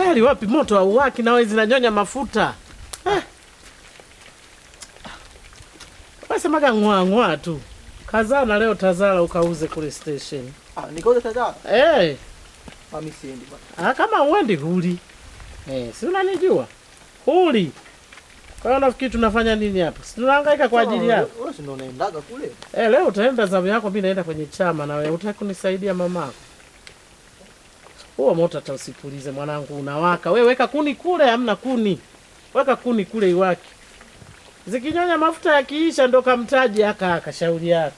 tayari wapi, moto hauwaki nawe zinanyonya mafuta Wasemaga ng'wang'wa tu. Kazana leo Tazara ukauze kule station. Ah, eh. ah, ah, kama uendi huli. Eh, si unanijua? Huli. Kwa nafikiri tunafanya nini hapa? situnaangaika kwa ajili yako. Eh, leo utaenda zamu yako, mi naenda kwenye chama nawe utakunisaidia mamako huo moto hata usipulize, mwanangu, unawaka. We weka kuni kule, hamna kuni, weka kuni kule iwaki. Zikinyonya mafuta yakiisha, ndo kamtaji aka aka shauri yako.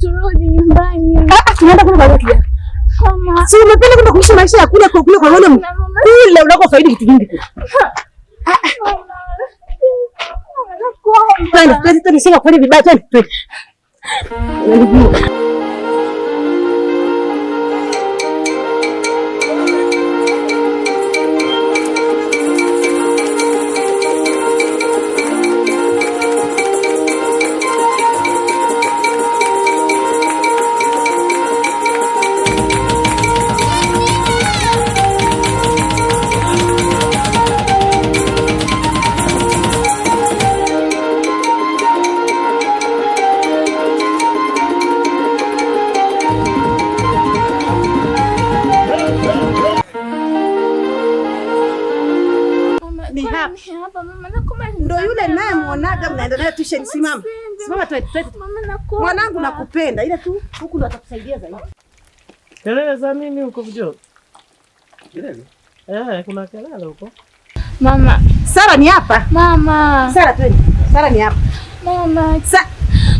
Turudi nyumbani. Ah, ah tunaenda kule kwa kijana. Mama, si unapenda kwenda kuishi maisha ya kule kule kwa wale kule unako faidi kitu kingi kule. Ah. Twende, twende, nisema kwa vibaya, twende, twende. 嗯。ndo yule naye mwonaga, mnaenda naye tuition. Simama, simama, mwanangu, nakupenda ile tu, huku ndo atakusaidia zaidi. Kelele za nini huko Kelele Eh, kuna kelele huko mama. Sara ni hapa mama. Sara twende. Sara ni hapa mama. Sa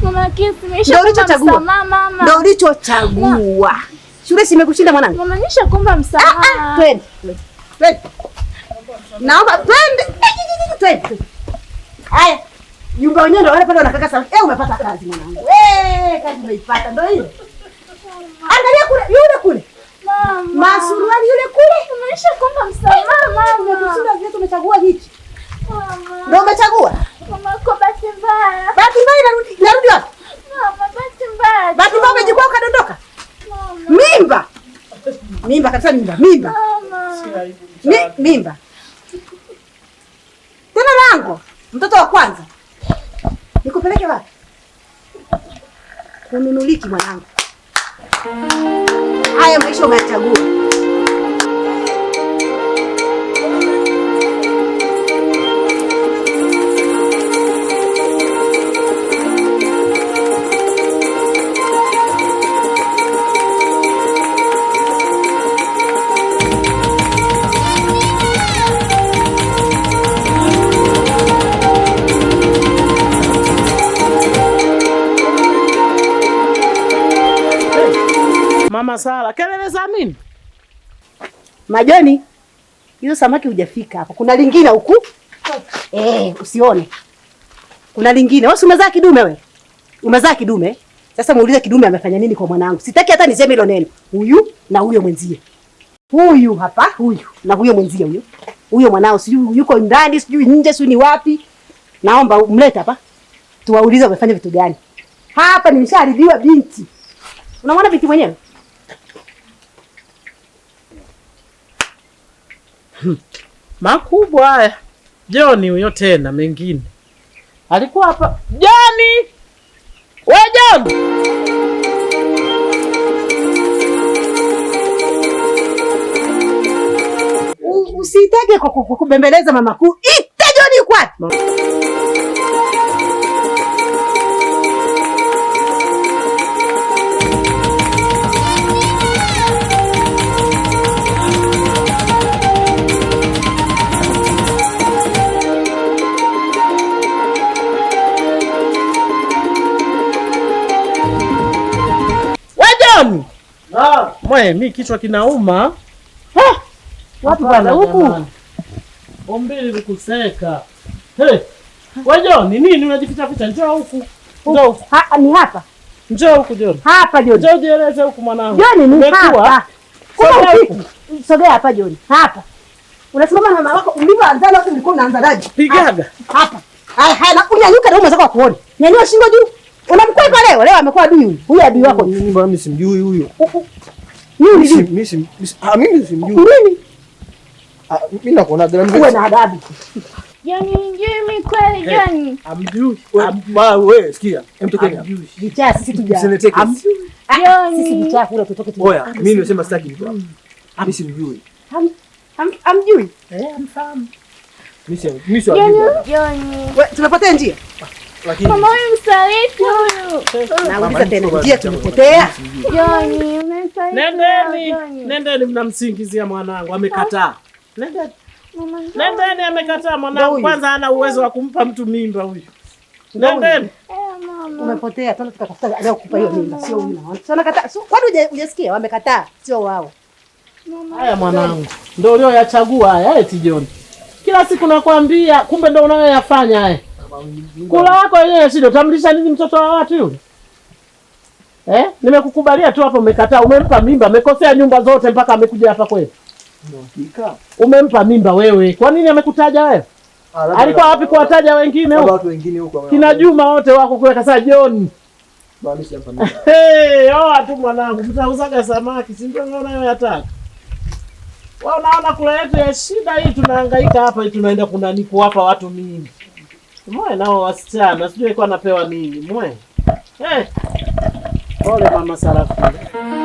mama kesi Ndo ulichochagua mama. Ndio ulichochagua. Shule simekushinda mwanangu. Mama nisha kuomba ah, ah, msamaha. Twende. Twende. Naomba twende. Twende. Haya. Nyumba yenyewe ndio wale pale wanakaa sana. Eh, umepata kazi mwanangu. Eh, kazi umeipata ndio hiyo. Angalia kule, yule kule. Mama. Masuruali yule kule. Umeisha kumpa msamaha mama. Umekushinda vitu tumechagua hichi. Mama. Ndio umechagua? Mama kwa bahati mbaya. Bahati mbaya inarudi inarudi wapi? Mama bahati mbaya. Bahati mbaya umejikwa ukadondoka. Mama. Mimba. Mimba kabisa mimba, mimba. Mama. Mi, mimba wangu, mtoto wa kwanza. Nikupeleke wapi? Kununuliki mwanangu, haya maisha unachagua. sala. Kelele za nini? Majoni, hizo samaki hujafika hapa. Kuna lingine huku. Eh, usione. Kuna lingine. Wewe umezaa kidume wewe. Umezaa kidume. Sasa muulize kidume amefanya nini kwa mwanangu. Sitaki hata niseme hilo neno. Huyu na huyo mwenzie. Huyu hapa, huyu na huyo mwenzie huyo. Huyo mwanao sijui yuko ndani, sijui nje, sijui ni wapi. Naomba mlete hapa. Tuwaulize wamefanya vitu gani. Hapa nimeshaharibiwa binti. Unamwona binti mwenyewe? makubwa haya. Joni huyo tena mengine alikuwa hapa. Joni we, Joni usitege kwa kubembeleza mama kuu Mwe, mi kichwa kinauma Watu bwana huku? Ombili likuseka hey. ni nini unajificha ficha? Njoo huku ha, ni hapa. Njoo huku Joni, hapa Joni, njoo jieleze huku mwanangu. Joni ni hapa, sogea hapa Joni, hapa unasimama na mama wako ulivyoanzana huku, ulikuwa unaanzanaje? Pigaga hapa, Hai, hai, na umezako kuona, nyanyua shingo juu unamkwepa leo leo, amekuwa adui huyu. Huyu adui wako mimi, bwana mimi simjui huyu. Mimi mimi ah, mimi simjui. Mimi ah, mimi nakuona gani? Wewe na adabu. Yaani mjui kweli gani? Eh, Amjui. Ma wewe sikia. ni. Vichaa sisi tuja. Msiniteke. Amjui. Ah, sisi vichaa kule tutoke tu. Oya, mimi ni nimesema sitaki vichaa. Mimi simjui. Amjui? Eh, amfahamu. Mimi si mimi si. Tunapata njia. Ah. Nendeni, mnamsingizia mwanangu, amekataa. Nendeni, amekataa mwanangu. Kwanza uwezo wa kumpa mtu mimba huyu. Nendeni. Eh, Umepotea tena, hiyo mimba, sio mimi. Kwani hujasikia? Wamekataa, sio wao. Haya mwanangu, ndio ulioyachagua haya, eti John, kila siku nakwambia, kumbe ndio unayoyafanya haya eh kula wako wenyewe, si Tamlisha nini mtoto wa watu yule eh? Nimekukubalia tu hapo, umekataa. Umempa mimba, amekosea nyumba zote mpaka amekuja hapa kwetu. Umempa mimba wewe, kwa nini amekutaja wewe? Ah, Alikuwa wapi kuwataja wengine huko? Watu wengine huko kina Juma wote wako kuweka saa John. Hey, hawa tu mwanangu, tutauzaga samaki, si ndio? Unaona wewe yataka. Wao naona kule yetu ya shida hii tunahangaika hapa, hii tunaenda kunani kuwapa watu mimba. Mwe nao wasichana sijui alikuwa anapewa nini mwe. Eh. Pole mama Sarafina.